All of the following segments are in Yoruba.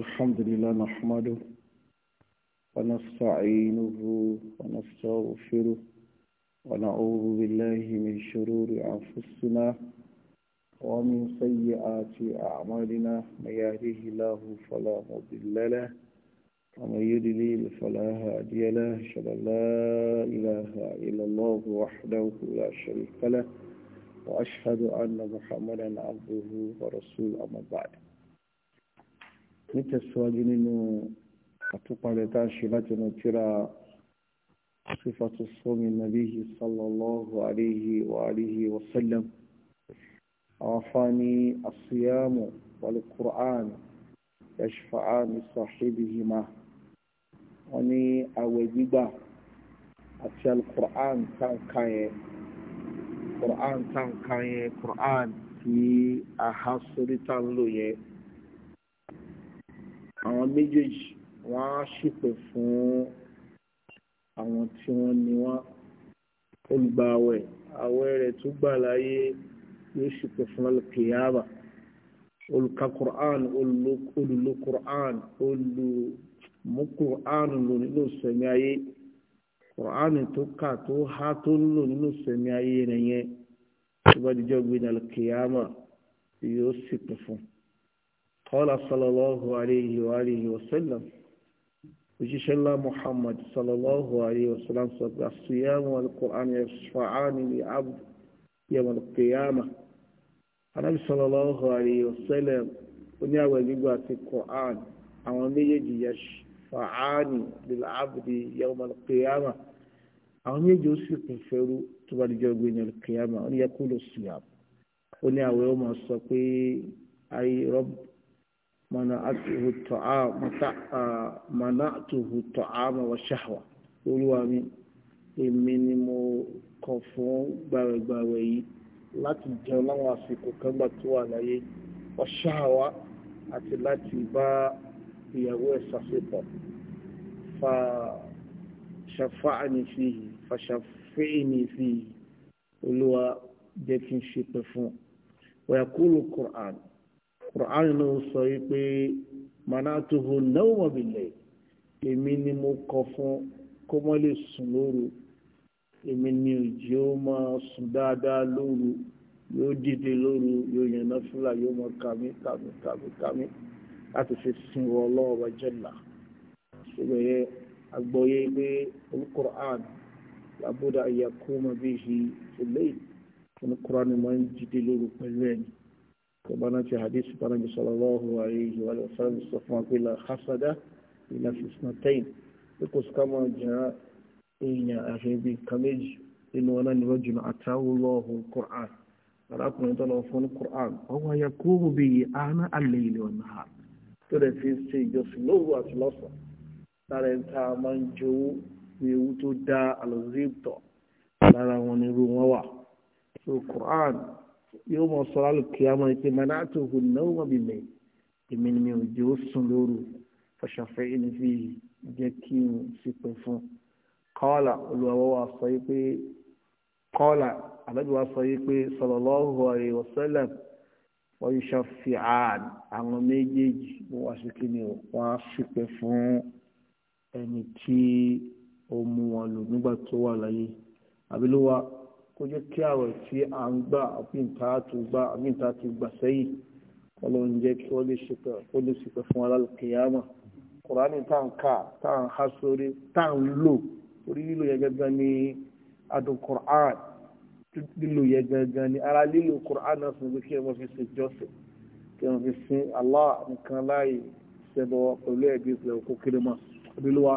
الحمد لله نحمده ونستعينه ونستغفره ونعوذ بالله من شرور أنفسنا ومن سيئات أعمالنا من يهده الله فلا مضل له ومن يضلل فلا هادي له أشهد أن لا إله إلا الله وحده لا شريك له وأشهد أن محمدا عبده ورسوله أما بعد nítẹ̀síwájú nínú àtúpalẹ̀ tá a ṣe láti mọ̀ tíra sífàtú sọ́mi nàbíhi sallallahu alayhi wa alihi wa sallam àwọn afáàní asiyamu wal-Qur'an yashfa'ani sahibihima wọ́n ní àwẹ̀ gbígbà àti al táǹkà yẹn Qur'an táǹkà yẹn Qur'an tí a há sórí táǹlò yẹn àwọn méjèèjì wọ́n á ṣìpè fún àwọn tí wọ́n ní wọ́n olùgbàwẹ̀ àwẹ̀ rẹ̀ tó gbà láyé yóò ṣìpè fún alkiyama olùka quran olùlò quran olùmú quran lò nínú sẹ̀mí ayé quran tó kà tó há tó ń lò nínú sẹ̀mí ayé rẹ̀ yẹn tó bá dijọ́ gbé ní alkiyama yóò ṣìpè fún qala sallallahu alayhi wa alihi wa sallam òjíṣẹ́ ńlá muhammad sallallahu alayhi wa sallam sọ pé as-siyamu wal-Qur'an yashfa'ani li abd yawm al-qiyamah anabi sallallahu alayhi wa sallam oníyàwó ẹ̀gbígbó àti Qur'an àwọn méjèèjì yashfa'ani lil abd yawm al-qiyamah àwọn méjì ó sì kún fẹ́rú tó bá dijọ́ gbé ní al-qiyamah ó ní yaqulu as-siyam ó ní àwẹ̀ ó máa sọ pé ayé rọ́bù mana'atuhu ta'ama wa shahwa olúwa mi èmi ni mo kọ̀ fún gbàwẹ̀gbàwẹ̀ yìí láti jẹun láwọn àsìkò kan gbà tó wà láyé wa shahwa àti láti bá ìyàwó ẹ̀ sàṣepọ̀ fa ṣàfáàní olúwa jẹ́ kí n ṣe pẹ̀ fún wa yaqulu Qur'an Quran ló sọ wípé manatuhu nawma bilẹ̀ èmi ni mo kọ fún kó mọ́ lè sùn lóru èmi ni òjì ó máa sùn dáadáa lóru yóò dìde lóru yóò yàn náà fúlà yóò mọ kàmí kàmí kàmí kàmí láti fi sin wọ lọ́wọ́ jẹ́là ṣùgbọ́n agbọ́yé pé Al-Qur'an labuda ayakuma bihi fi layl ní Qur'an ni wọ́n ń dìde lóru pẹ̀lú ẹni kọ̀bánà ti hadith tánà bí sallallahu alayhi wa sallam sọ fún apẹ́lá hasada ila fisnatain pé kò sí ká máa jẹ́ èèyàn àfihàn kàméjì nínú wọn náà ni wọ́n jùlọ àtàwọ̀lọ́hùn Qur'an arákùnrin tó lọ fún Qur'an ọwọ́ ayé kó o bí i àná alẹ́ ilé ọ̀nà ha tó rẹ̀ fi ṣe ìjọsìn lóru àti lọ́sàn lára ẹni tá a máa ń jowó ní ewu tó dá alọ́zíìtọ̀ lára wọn ni irú wọn wà so Qur'an yóò mọ sọ alùpùpù àmọ́ ìpè màdá tó hù náà wọ́n bí mi èmi ni mi ò jẹ́ ó sùn lóru fọṣọfẹ́ ẹni fi jẹ́ kí n sípè fún kọ́ọ̀là olùwàwọ́ wa sọ yìí pé kọ́ọ̀là àlọ́bí wa sọ yìí pé sallallahu alaihi wasallam wọ́n yóò ṣàfi ààrùn àwọn méjèèjì wọ́n wá sí kí ni wọ́n á sípè fún ẹni tí ó mú wọn lò nígbà tó wà láyé àbí ló wá kó jẹ́ kí àwẹ̀ tí a ń gbà àbí ìta tó gbà àbí ìta ti gbà sẹ́yìn ọlọ́run jẹ́ kí wọ́n lè ṣèpẹ̀ ó lè ṣèpẹ̀ fún alálùkìyàmà kùránì tá à ń kà sórí tá lò orí lílo yẹn gẹ́gẹ́ ní adùn kùrán lílo yẹn gẹ́gẹ́ ní ara lílo kùrán náà fún kí wọ́n fi ṣe jọ́sìn kí wọ́n fi sin Allah nìkan láàyè ṣẹbọ pẹ̀lú ẹ̀bí ìpìlẹ̀ òkú kiri ọdún lówà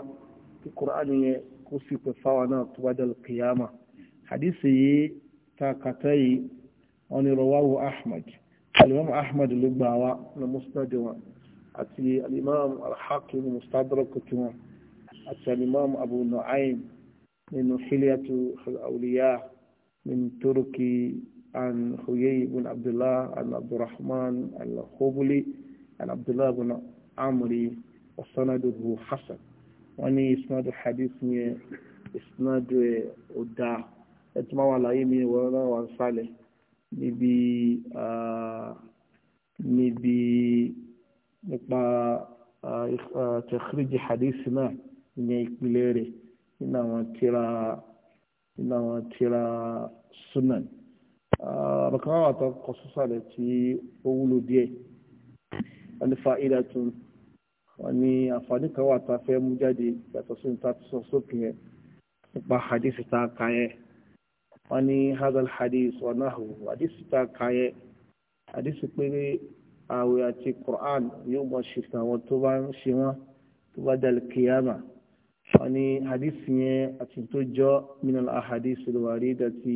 kí kùrán yẹn kó ṣèpẹ̀ fáwọn náà tó bá dẹ̀ lùkìyàmà hadisi yìí ta kàtà yìí wọn ni rawahu ahmad alimam ahmad ló gbà wá na musnad wọn àti alimam alhakim mustadrak tiwọn àti alimam abu nu'aym nínú hilyatu awliya min turki an huyay ibn abdullah an abdurrahman al-khubuli an abdullah ibn amri wasanaduhu isnadu hadith yẹn isnadu ẹ̀ ẹtù máa wà láyé mi wọ́n náà wà ń sálẹ̀ níbi níbi nípa tẹ̀kíríjì hadith náà ìyẹn ìpìlẹ̀ rẹ̀ nínú àwọn tíra nínú àwọn tíra sunan ọ̀kan wà tó kọ sọ́sàlẹ̀ tí ó wúlò díẹ̀ wọ́n ní fa'ida tún wọ́n ní àǹfààní kan wà tá fẹ́ mú jáde yàtọ̀ sí ní sókè nípa hadith tá a wọ́n ní hazal hadith ọ̀nàhù hadith ta kàyẹ hadith pé àwẹ̀ àti Qur'an yóò mọ̀ ṣìfà wọn tó bá ń ṣe wọn tó bá dal kiyama wọ́n ní hadith yẹn àti tó jọ minal ahadith al-warida ti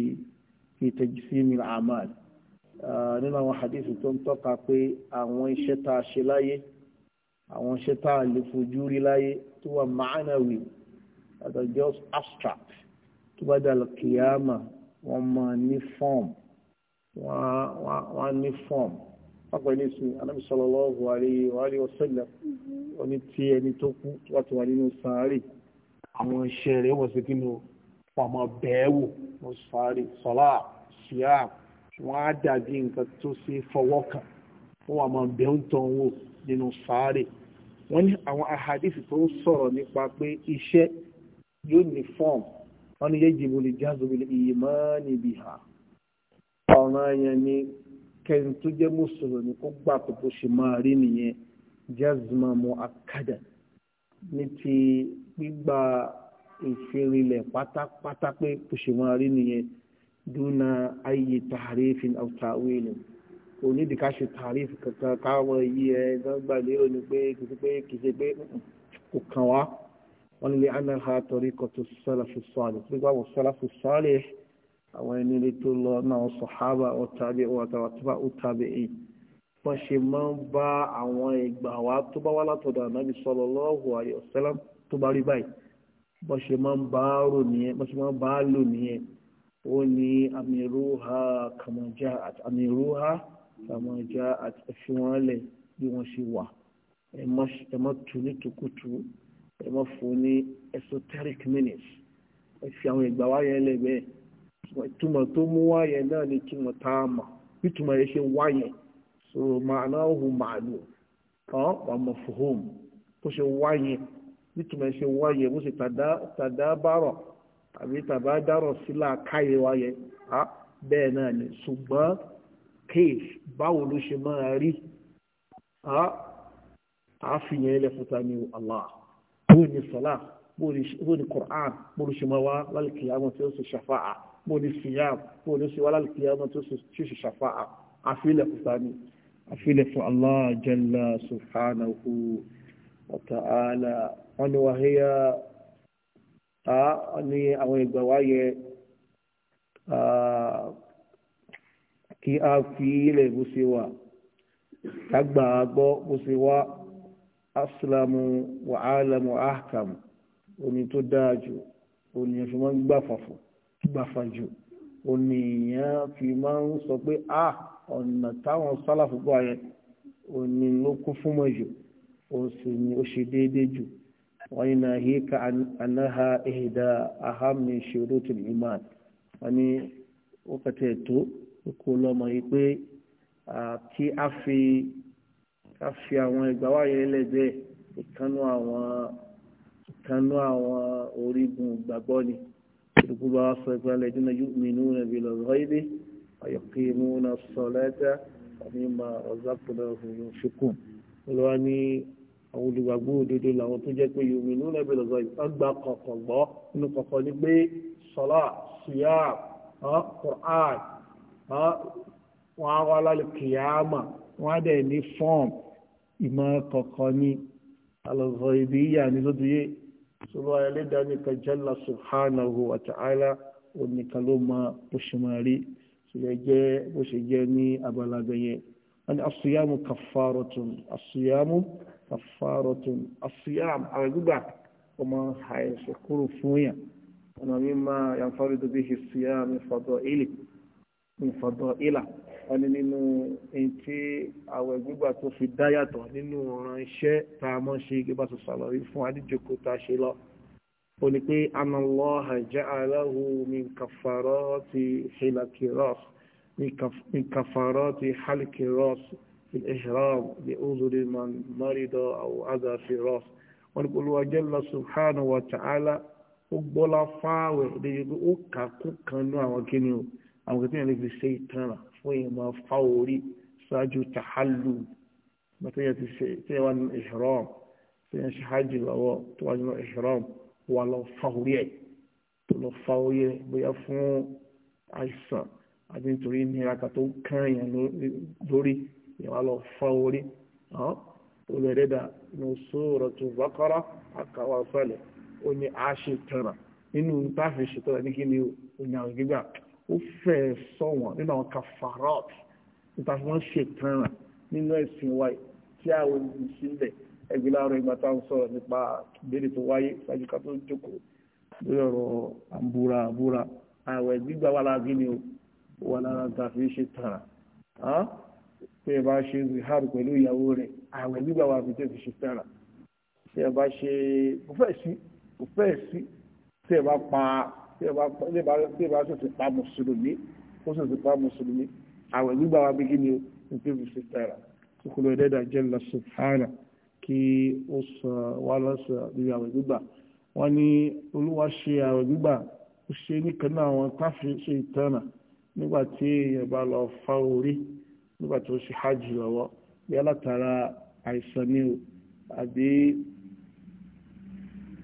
fi tajsim al-a'mal ah, nínú àwọn hadith tó ń tọ́ka pé àwọn iṣẹ́ tá a ṣe láyé àwọn iṣẹ́ tá a lè fojú rí láyé tó wà ma'anawi àtàjọ́ abstract tó bá dal kiyama wọ́n máa ní fọ́ọ̀mù wọ́n ní fọ́ọ̀mù pápá ilé ìsìn anábì sallallahu alaihi wa sallam oní tí ẹni tó kú wá ti wà nínú sàárè àwọn iṣẹ́ rẹ̀ wọ́n sì kínú ọmọ bẹ́ẹ̀wò wọ́n sàárè sọ́lá síá wọ́n á dàbí nǹkan tó ṣe fọwọ́ kàn wọ́n wà máa bẹ́ẹ̀ ń tàn wò nínú sàárè wọ́n ní àwọn ahadisi tó ń sọ̀rọ̀ nípa pé iṣẹ́ yóò ní fọ́ọ̀mù wọ́n ní yajibu lil jahru bil imani biha ọ̀ràn yẹn ni kẹ́ni tó jẹ́ mùsùlùmí kó gbà pé bó ṣe máa rí nìyẹn jazma muakkadan ní ti gbígba ìfirinlẹ̀ pátápátá pé bó ṣe máa rí nìyẹn dúnà ayé tahrifin aw ta'wilin onídìí ká ṣe tàrífì kankan káwọn yí ẹ gbọ́ngbà lérò ni pé kìí ṣe pé kìí ṣe pé kò kàn wá wọ́n lè anáha torí kọ́tù sọ́láfù sọ́ọ̀lì pé wọ́n sọ́láfù sọ́ọ̀lì àwọn ẹni lè tó lọ náà sọ̀hábà ọ̀tàbí ọ̀tàbà ọ̀tàbí ẹ̀yìn wọ́n ṣe máa ń bá àwọn ìgbà wa tó bá wá látọ̀dọ̀ ànábì sallallahu alaihi wasallam tó bá rí báyìí wọ́n ṣe máa ń bá rò nìyẹn wọ́n ní amiruha kàmọ́já àti àti ẹ̀fíwọ́n lẹ̀ bí ẹ fún ní esoteric meanings ẹ fi àwọn ìgbà wáyé ẹlẹ́gbẹ̀ẹ́ ìtumọ̀ tó mú wáyé náà ní túmọ̀ tá a mọ̀ bí túmọ̀ ṣe wáyé so màánà òhun màálù kan wà mọ̀ fòhùn bó ṣe wáyé bí túmọ̀ yẹn ṣe wáyé bó ṣe tàdá bárọ̀ àbí tàbá dárọ̀ sílá káyé wáyé bẹ́ẹ̀ náà ni ṣùgbọ́n kéèf báwo ló ṣe máa rí a fi yẹn lẹ́fọ́ta ní Allah bó ni sọlá bó ni Qur'an bó ni ṣùmọ́wá lálùkìyàmọ́ tí ó sì ṣàfáà bó ni siyam bó ni ṣùwá lálùkìyàmọ́ tí ó sì ṣàfáà àfilẹ̀ fúsani àfilẹ̀ fún Allah jalla subhanahu wa ta'ala wọn ni wàhíyà ní àwọn ìgbà wáyé kí a fi ilẹ̀ bó ṣe wà ká gbà á gbọ́ bó ṣe wà aslamu wa alamu ahkam oní tó dáa jù oní ẹ̀ fi máa ń gbàfàfọ̀ gbàfà jù oní ìyẹn fi máa ń sọ pé a ọ̀nà táwọn sálàfù gbọ́ yẹn oní ló kún fún mọ́ jù ó sì ní ó ṣe déédéé jù wọ́n ní na híkà anáha ìhìdá ahámi shurutul iman wọ́n ní ó kẹtẹ̀ tó kó lọ́mọ yìí pé kí a fi ká fi àwọn ìgbàwáyé ẹlẹ́gbẹ́ ìkanú àwọn ìkanú àwọn orígun ìgbàgbọ́ ni ìdúkú bá wá sọ ìpínlẹ̀ alladhina yu'minuna bil-ghaybi wa yuqimuna as-salata wa mimma razaqnahum yunfiqun olùwà ní àwọn olùgbàgbọ́ òdodo làwọn tó jẹ́ pé yu'minuna bil-ghaybi ọgbà kọ̀kọ̀ gbọ́ nínú kọ̀kọ̀ ni pé sọlá síyá Qur'an wọn á wá lálẹ́ kìyàmà wọn á dẹ̀ ní fọ́ọ̀mù ìmọ̀ kọ̀kọ́ ní alọ́gọ́ ibi yà ní lójú yé sọ́rọ̀ ẹlẹ́dàá nìkan jalla subhanahu wa ta'ala onìkan ló mọ bó ṣe máa rí ṣùgbọ́n jẹ́ bó ṣe jẹ́ ní abala bẹ̀yẹn wọ́n ní asuyamu kafaratun asuyamu kafaratun asuyam àwọn gbígbà ọmọ àìsàn kúrò fún yàn ọ̀nà mímọ́ yanfaridu bihi siyam min fada'ili min fada'ila wọ́n ní nínú ẹni tí àwẹ̀ gbígbà tó fi dá yàtọ̀ nínú ọ̀ràn iṣẹ́ tá a mọ́ ṣe gẹ́gẹ́ bá ṣe ṣàlàyé fún adíjòkó tá a ṣe lọ ó ní pé anallaha ja'alahu min kafarati hilakiros min kafarati halikiros fil ihram bi uzuri man marido aw adha fi ras wọ́n ní Olúwa jalla subhanahu wa ta'ala ó gbọ́lá fáwẹ̀ ó kà kú kan ní àwọn kíni àwọn kìtìyàn lè fi ṣe ìtanràn fún ìmọ̀ fa orí ṣáájú tàhálù mọ́tẹ́yẹ ti ṣe tí wọ́n ní ihram tí wọ́n ṣe hajj lọ́wọ́ tó wà nínú ihram wà lọ fa orí ẹ̀ tó lọ fa orí ẹ̀ bóyá fún àìsàn àti nítorí ìnira kan tó ń kàn yẹn lórí ìyẹn lọ fa orí olùrẹ́dà ní sóràtù Baqara àkàwà sálẹ̀ ó ní àṣetara nínú táàfin ṣetara ní kí ni ó ní àwọn gbígbà ó fẹ́ sọ wọ́n nínú àwọn kafarot nípa tí wọ́n ṣe tán nínú ẹ̀sìn wa tí àwọn olùdí sílẹ̀ ẹgbẹ́ láàárọ̀ ìgbà tá à ń sọ̀rọ̀ nípa ìbéèrè tó wáyé ṣáájú ká tó jókòó lórí ọ̀rọ̀ àbúra àbúra àwẹ̀ gbígbà wà láàbí ni ó wà lára ta fi ṣe tààrà tí ẹ bá ṣe zihar pẹ̀lú ìyàwó rẹ̀ àwẹ̀ gbígbà wà fi tẹ́ fi ṣe tààrà tí ẹ bá ṣe kò fẹ́ sí kò sí tí ẹ bá pa tí ìbá tó ti pa mùsùlùmí ó sì ti pa mùsùlùmí àwẹ̀ gbígbà wa bí kí ni o ti fi ṣe tẹ̀ra tí kò lọ ẹ̀dẹ́dà jẹ́ lọ subhana kí ó sọ wá lọ́sọ̀ níbi àwẹ̀ gbígbà wọ́n ní olúwa ṣe àwẹ̀ gbígbà ó ṣe nìkan náà àwọn káfíń ni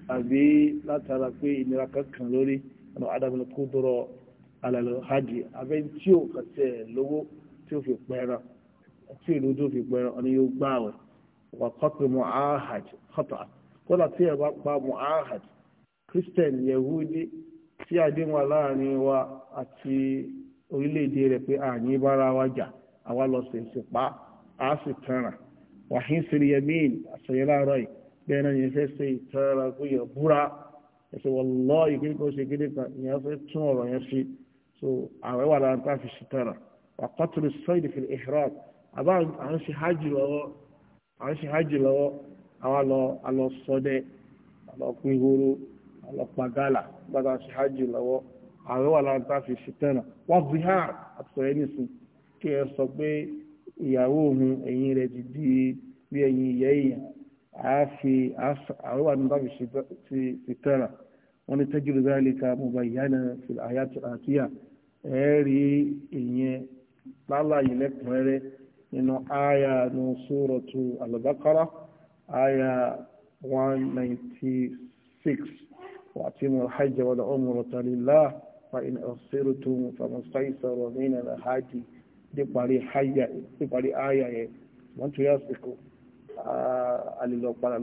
o àbí látara pé ìnira kankan lórí ọ̀nà adamu kú dọ̀rọ̀ alàlọ́ hajj abẹ́ tí ó kàtẹ́ lówó tí ó fi pẹ́ran tí ìlú tó fi pẹ́ran ọ̀nà yóò gbà wẹ̀ wà kọ́pì mọ́ ahaj kọ́tà kọ́tà tí ẹ bá pa mọ́ ahaj christian yehudi tí àdéhùn wà láàrin wa àti orílẹ̀-èdè rẹ̀ pé àní bára wa jà àwa lọ sí ìsìnpá a sì tanràn wàhín sèrè yẹmí àṣeyẹ láàárọ̀ bẹ́ẹ̀ náà yẹn fẹ́ ṣe ìtara kó yẹ búra ẹ̀sẹ̀ wọ́n lọ ìgbé kó ṣe gidi kan ìyẹn fẹ́ tún ọ̀rọ̀ yẹn ṣe so àwẹ̀ wà lára tá a fi ṣìtara wà kọ́tùrù sọ́ọ̀dì fìlì ìhrọ́m àbá à ń ṣe hajj lọ́wọ́ à ń ṣe hajj lọ́wọ́ àwọn àlọ́ àlọ́ sọ́dẹ̀ àlọ́ pín ihoro àlọ́ pàgálà gbàdá ṣe hajj lọ́wọ́ àwẹ̀ wà lára tá a fi ṣìtara wà bíhá àtọ̀rẹ́ nìsín kí ẹ sọ pé ìyàwó òun ẹ̀yìn rẹ̀ ti di bí ẹ̀yìn ìyẹ́ èèyàn àá fi àwẹ̀ wà lára tá a fi wọ́n ní tajibu zalika mubayyana fil ayati atiya ẹ̀ẹ́rì ìyẹn lálàyé lẹ́kùnrẹ́rẹ́ nínú àyà nù suratu al àyà 196 wa atimu al-hajja wal umrata lillah fa in uhsirtum famastaysara min al-hadi díparí àyà yẹn wọ́n tún yà síkò àlèlọ́pàá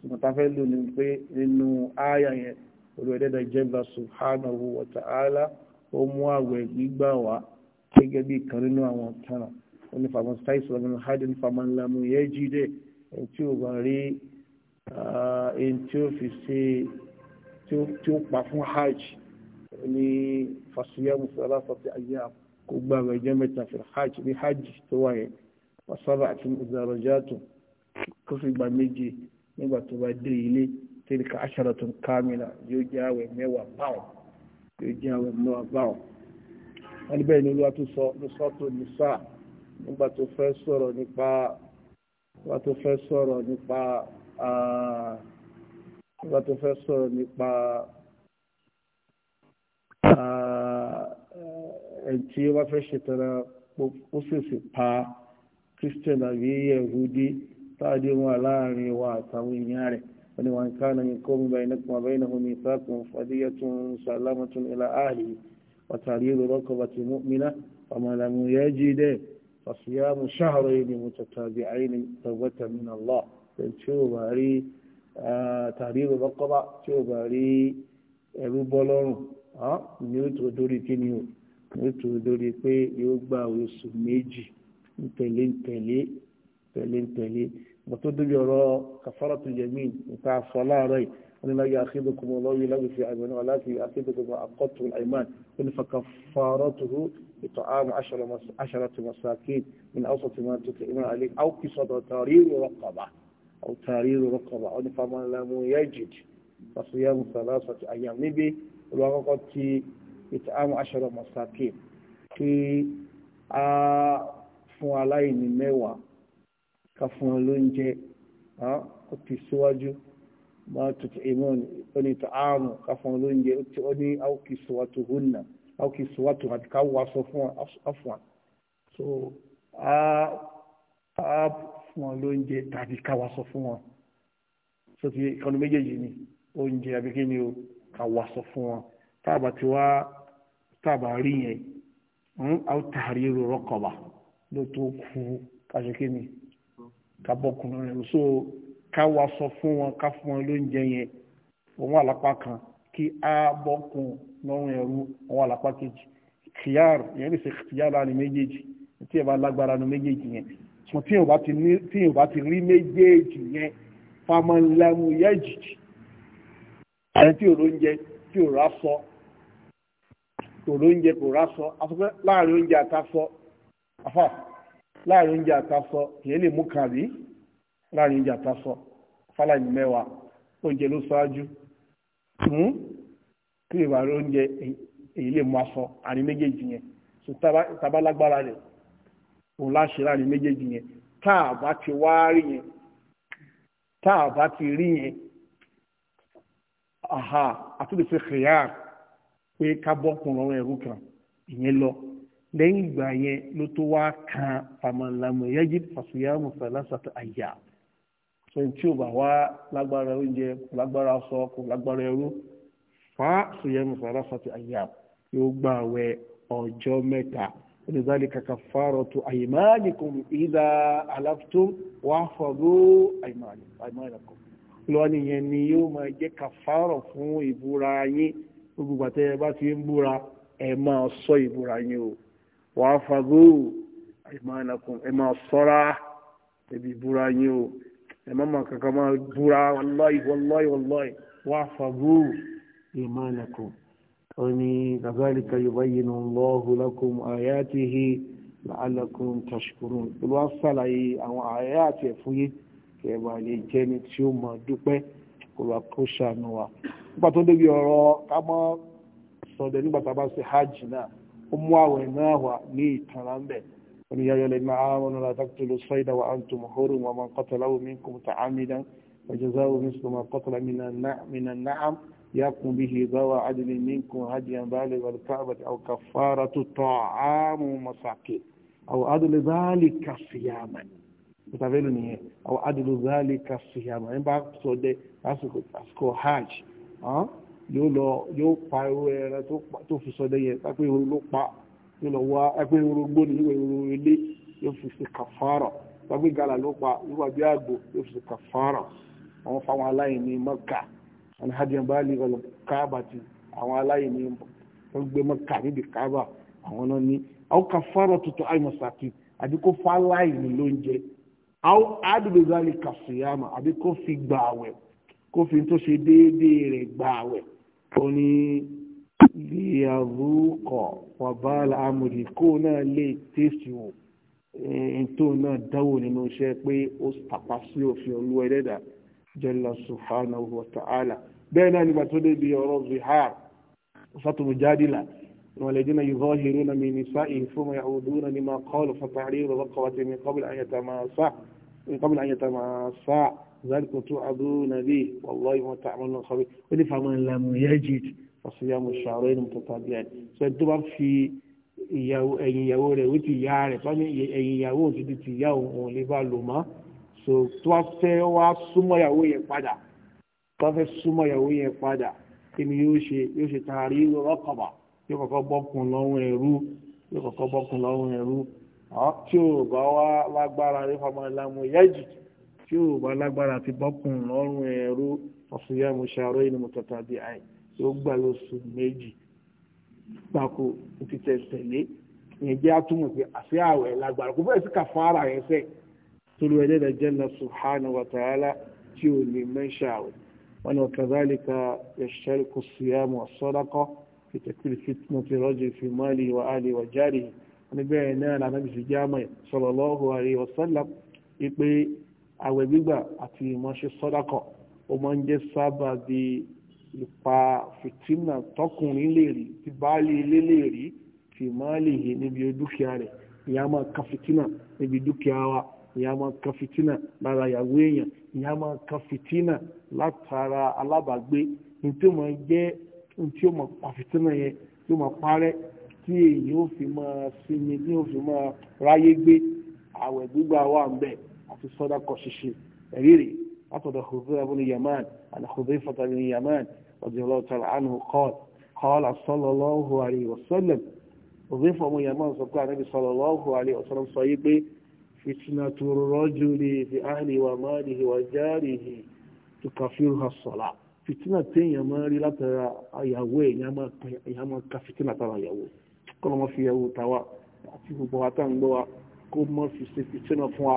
ṣùgbọ́n ta fẹ́ lò ní pé nínú ááyà yẹn olùwẹ̀dẹ́dà jẹ́gbà subhanahu wa ta'ala ó mú àwẹ̀ gbígbà wá gẹ́gẹ́ bí kan nínú àwọn tánà ó ní fàmọ́ stáìsì lọ́nà hajjin fàmọ́ ńlá mú yẹ́ jíde ẹni tí ó bá rí ah, ẹni tí ó fi ṣe tí ó pa fún hajj ní fasiyamu salasati ayyam kó gbà wẹ̀ jẹ́ mẹ́ta fi hajj bí hajj tó wáyé wasábà àti ìzàrọ̀játù kó fi gbà méje nígbà tó bá dé ilé tilka asharatun kamila yóò jẹ́ àwẹ̀ mẹ́wàá báwọn yóò jẹ́ àwẹ̀ mẹ́wàá báwọn. wọ́n ní bẹ́ẹ̀ ni olúwa tó sọ ní sọ́tò nìsà nígbà tó fẹ́ sọ̀rọ̀ nípa nígbà tó fẹ́ sọ̀rọ̀ nípa nígbà tó fẹ́ sọ̀rọ̀ nípa ẹ̀ntì wọ́n fẹ́ ṣètọ́ra ó fèsì pa Christian àbí Yehudi táàdé wọn láàrin wa àtàwọn èèyàn rẹ̀ wọ́n ni wọn ká náà ní kó mú bẹ́ẹ̀ nípa bẹ́ẹ̀ náà omi ìsákùn fàdíyà tún sàlámà tún ilà áàlì wàtàrí rọ́kọ̀ bàtì mọ́mìnà ọmọlàmù yẹ́ jí dẹ́ fàṣíyàmù ṣáàrọ̀ yìí ni mo tàbí àyìn tàbátà min Allah tí ó bá rí tàrí rọ́kọ̀ bá tí ó bá rí ẹ̀rú bọ́ lọ́rùn ni ó tó dórí kí ni ó tó dórí pé yóò gbà oṣù méjì ntẹ̀lé ntẹ̀lé tẹ̀lé ń tẹ̀lé mo tó débi ọ̀rọ̀ kafaratul yamin nǹkan àfọ láàárọ̀ yìí wọ́n ní láyé akhidukum lọ́wọ́ láyé fi àgbẹ̀nú aláfi akhidukum aqattu al-ayman wọ́n ní fakafaratuhu it'amu asharati masakin min awsati ma tut'imun alayhim aw qisatu tariru raqaba aw tariru raqaba wọ́n ní faman lam yajid fasiyamu thalathati ayyam níbi olùwàkọ́kọ́ ti fún aláìní mẹ́wàá ká fún wọn lóúnjẹ ó ti síwájú máa tutù ìmọ̀n onítọ̀ ààrùn ká fún wọn lóúnjẹ ó ní áwòkì sọ́wọ́tò húnà áwòkì sọ́wọ́tò àti ká sọ fún àfọ̀n so a fún wọn lóúnjẹ tàbí ká sọ fún wọn so ti ìkànnì méjèèjì ni oúnjẹ àbí ni o ká wà sọ fún wọn táàbà tí wá táàbà rí yẹn ń àwòtàrí rọkọ̀bà ló tó kú káṣe ni kábọ̀kùnrin rẹ̀ so ká wá sọ fún wọn ká fún wọn lóúnjẹ yẹn òun àlápá kan kí á bọ́kùn lọ́rùn ẹ̀rú òun àlápá kejì kìyàr ìyẹn lè ṣe la láàrin méjèèjì tí ẹ bá lágbára nu méjèèjì yẹn sùn tí yóò bá ti rí méjèèjì yẹn famanlẹ́mu yẹ́jìjì ẹni tí òrò oúnjẹ tí òrò aṣọ òrò oúnjẹ kò rásọ aṣọ pé láàrin oúnjẹ àtàṣọ afọ láàrin oúnjẹ àtasọ èyí lè mú kan rí láàrin oúnjẹ àtasọ fáláyì mẹ́wàá oúnjẹ ló ṣáájú kí lè wà oúnjẹ èyí lè mú aṣọ àní méjèèjì yẹn so tabalagbára rẹ̀ òun láṣẹ láàrin méjèèjì yẹn tá a bá ti wá rí yẹn tá a bá ti rí yẹn àtúndì fi xìyà pé ká bọ́ kùnrin ẹ̀rú kan ìyẹn lọ lẹ́yìn ìgbà yẹn ló tó wá kan fàmàlàmù yẹ́jì fàṣùyàmù fàlásàtà àyà so tí o bá wá lágbára oúnjẹ kò lágbára aṣọ kò lágbára ẹrú fàṣùyàmù fàlásàtà àyà yóò gbà wẹ ọjọ́ mẹ́ta olùdarí kàkà fárọ tó àyèmáàdìkùn ìdá aláfitó wà fọdó àyèmáàdìkùn lọ́ni yẹn ni yóò máa jẹ́ kàfárọ̀ fún ìbúra yín gbogbo àtẹ́yẹ bá ti ń búra ẹ̀ máa sọ ìbúra yín o. fa àìmánakùn ẹ máa sọ́ra ẹbí búra o ẹ máa kankan máa búra wàláì wàláì wàláì wàáfàgó àìmánakùn ó ní kazalika yubayyinu Allahu lakum ayatihi la'allakum tashkurun olú wa sàlàyé àwọn tí ó máa dúpẹ́ nígbà tó débi ọ̀rọ̀ ká mọ́ sọ̀dẹ̀ nígbà tá a bá ṣe hajj náà ó mú àwẹ̀ náà wà ní ìtara ń bẹ̀ wani ya yalai ma'amunu la taqtulu sayda wa antum hurum wa man qatalahu minkum ta'amidan wa ma qatala min an-na'am يقوم به ذوى عدل منكم هديا بالغ الكعبة أو كفارة طعام مساكين أو عدل ذلك صياما متابعيني أو عدل ذلك صياما يعني صدق أسكو حاج ها yóò lọ yóò pa irú ẹran tó fi sọdẹ yẹn pápẹ́ ìhoro ló pa yóò lọ wá pápẹ́ ìhoro gbóni yóò ìhoro ilé yóò fi ṣe kàfàrà pápẹ́ gàlà ló pa yóò àbí àgbò yóò fi ṣe kàfàrà àwọn fáwọn aláìní mọ́kà àwọn hadiyan bá lè lọ káàbà ti àwọn aláìní tó gbé mọ́kà níbi káàbà àwọn náà ní àwọn kàfàrà tuntun àìmọ̀sàkì àbí kó fa aláìní ló ń jẹ àwọn àdúgbò gbà lè kàfìyàmà àbí kó fi gbà àwẹ̀ kó fi tó ṣe déédéé rẹ̀ gbà àwẹ̀ ó ní lè àrúkọ̀ wàbáàlà amòdì kó náà lè tẹ́sì wò ẹ̀yìn tó náà dáwò nínú iṣẹ́ pé ó tàpá sí òfin olúwa ẹlẹ́dà jalla subhanahu wa ta'ala bẹ́ẹ̀ náà nígbà tó débi ọ̀rọ̀ zihar fatumujadila والذين يظاهرون من نسائهم ثم يعودون لما قالوا فتحرير رقبة من قبل أن يتماسى من قبل أن يتماسى ذلك توعدون به والله ما تعملون خبير ولي فمن لم يجد فصيام الشهرين متتابعين سيدوبر في ìyàwó ẹ̀yìn ìyàwó rẹ̀ wí ti ìyá rẹ̀ fún ẹ̀yìn ìyàwó òtútù ti ìyá òun lè bá lò mọ́ so tó wá fẹ́ wá súnmọ́ ìyàwó yẹn padà tó wá fẹ́ súnmọ́ ìyàwó yẹn padà kí ni yóò ṣe yóò ṣe tààrí rọ́kọ̀bà yóò kọ́kọ́ bọ́kùn lọ́rùn ẹ̀rú yóò kọ́kọ́ bọ́kùn lọ́rùn ẹ̀rú tí ò bá wá lágbára nípa ọmọ ìlànà ìyá ìjìtì tí ò bá lágbára ti bọ́kùn lọ́rùn ẹ̀rú ọ̀sùnyá mọ̀ṣàrọ̀ ìlú mọ̀tàtà bí i tí ó gbà lóṣù méjì gbàkó ti tẹ̀tẹ̀lé ìyẹn jẹ́ àtúmọ̀ pé àṣẹ àwẹ̀ lágbára kò bẹ́ẹ̀ sí kàfàrà yẹn sẹ́ torí ẹlẹ́dàá jalla subhanahu wa ta'ala tí ò lè mẹ́ṣà àwẹ̀ wọn ni kadhalika yashtariku as-siyam was-sadaqa fi takfir fitnati rajul àwẹ̀ gbígbà àti ìmọ̀ṣe sọ́dákọ̀ ó máa ń jẹ́ sábà bí ipa fìtínà tọkùnrin lè rí tí baálé ilé lè rí tí máàlì yìí níbi dúkìá rẹ̀ ìyá máa ka fìtínà níbi dúkìá wa ìyá máa ka fìtínà lára ìyàwó èèyàn ìyá máa ka fìtínà látara alábàágbé ní tí ó máa jẹ́ ní tí ó máa pa fìtínà yẹn tí ó máa parẹ́ tí èyí ó fi máa sinmi tí ó fi máa ráyé gbé àwẹ̀ gbígbà wà ń bẹ́ẹ̀ àti sọ́dákọ̀ ṣíṣe ẹ̀rí rèé عقد خضيفة بن يمان عن خضيفة بن يمان رضي الله تعالى عنه قال قال صلى الله عليه وسلم خضيفة بن يمان صلى النبي صلى الله عليه وسلم صيب فتنة الرجل في أهله وماله وجاره تكفرها الصلاة فتنة يمان لا ترى يهوي يمان كفتنة ترى يهوي كل ما في يهوي توا يعطيه بواتان دوا كل ما في فتنة فوا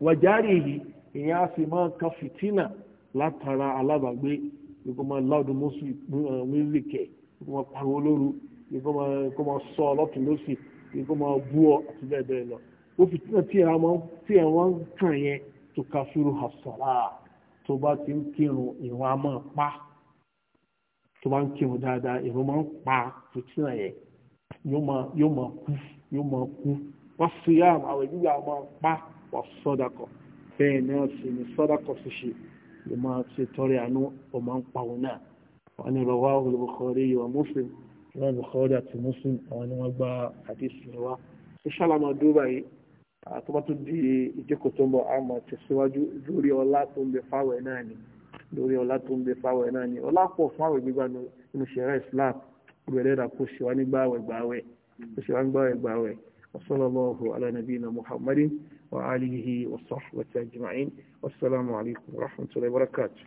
wa yìí ìyẹn a sì máa ka fìtínà látara alábàgbé ìkó máa láwùdù mọ́sù mílíkẹ̀ ìkó máa pariwo lóru ìkó máa sọ ọlọ́tún lọ́sì ìkó máa bú ọ àti bẹ́ẹ̀ bẹ́ẹ̀ lọ ó fìtínà tí ẹ̀ wọ́n ń kàn yẹn tó ka fúru a máa pa tó bá ń kírun dáadáa ìwọ̀n máa ń pa fìtínà yẹn yóò máa kú yóò máa kú àwọn wà sọ́dakọ̀ bẹ́ẹ̀ náà sì ni sọ́dakọ̀ ṣíṣe ló máa ṣe tọrẹ àánú ó máa ń pa òun náà wọn ni rọwá olùbùkọ́rí wa Muslim wọn Bukhari àti Muslim àwọn ni wọ́n gba àdìsí wa ìṣàlámà dúró yìí àtúbọ̀tún di ìjókòó tó ń bọ̀ àmọ̀ tẹ̀síwájú lórí ọlá tó ń bẹ fáwẹ̀ náà ni lórí ọlá tó ń bẹ fáwẹ̀ náà ni وآله وصحبه أجمعين والسلام عليكم ورحمة الله وبركاته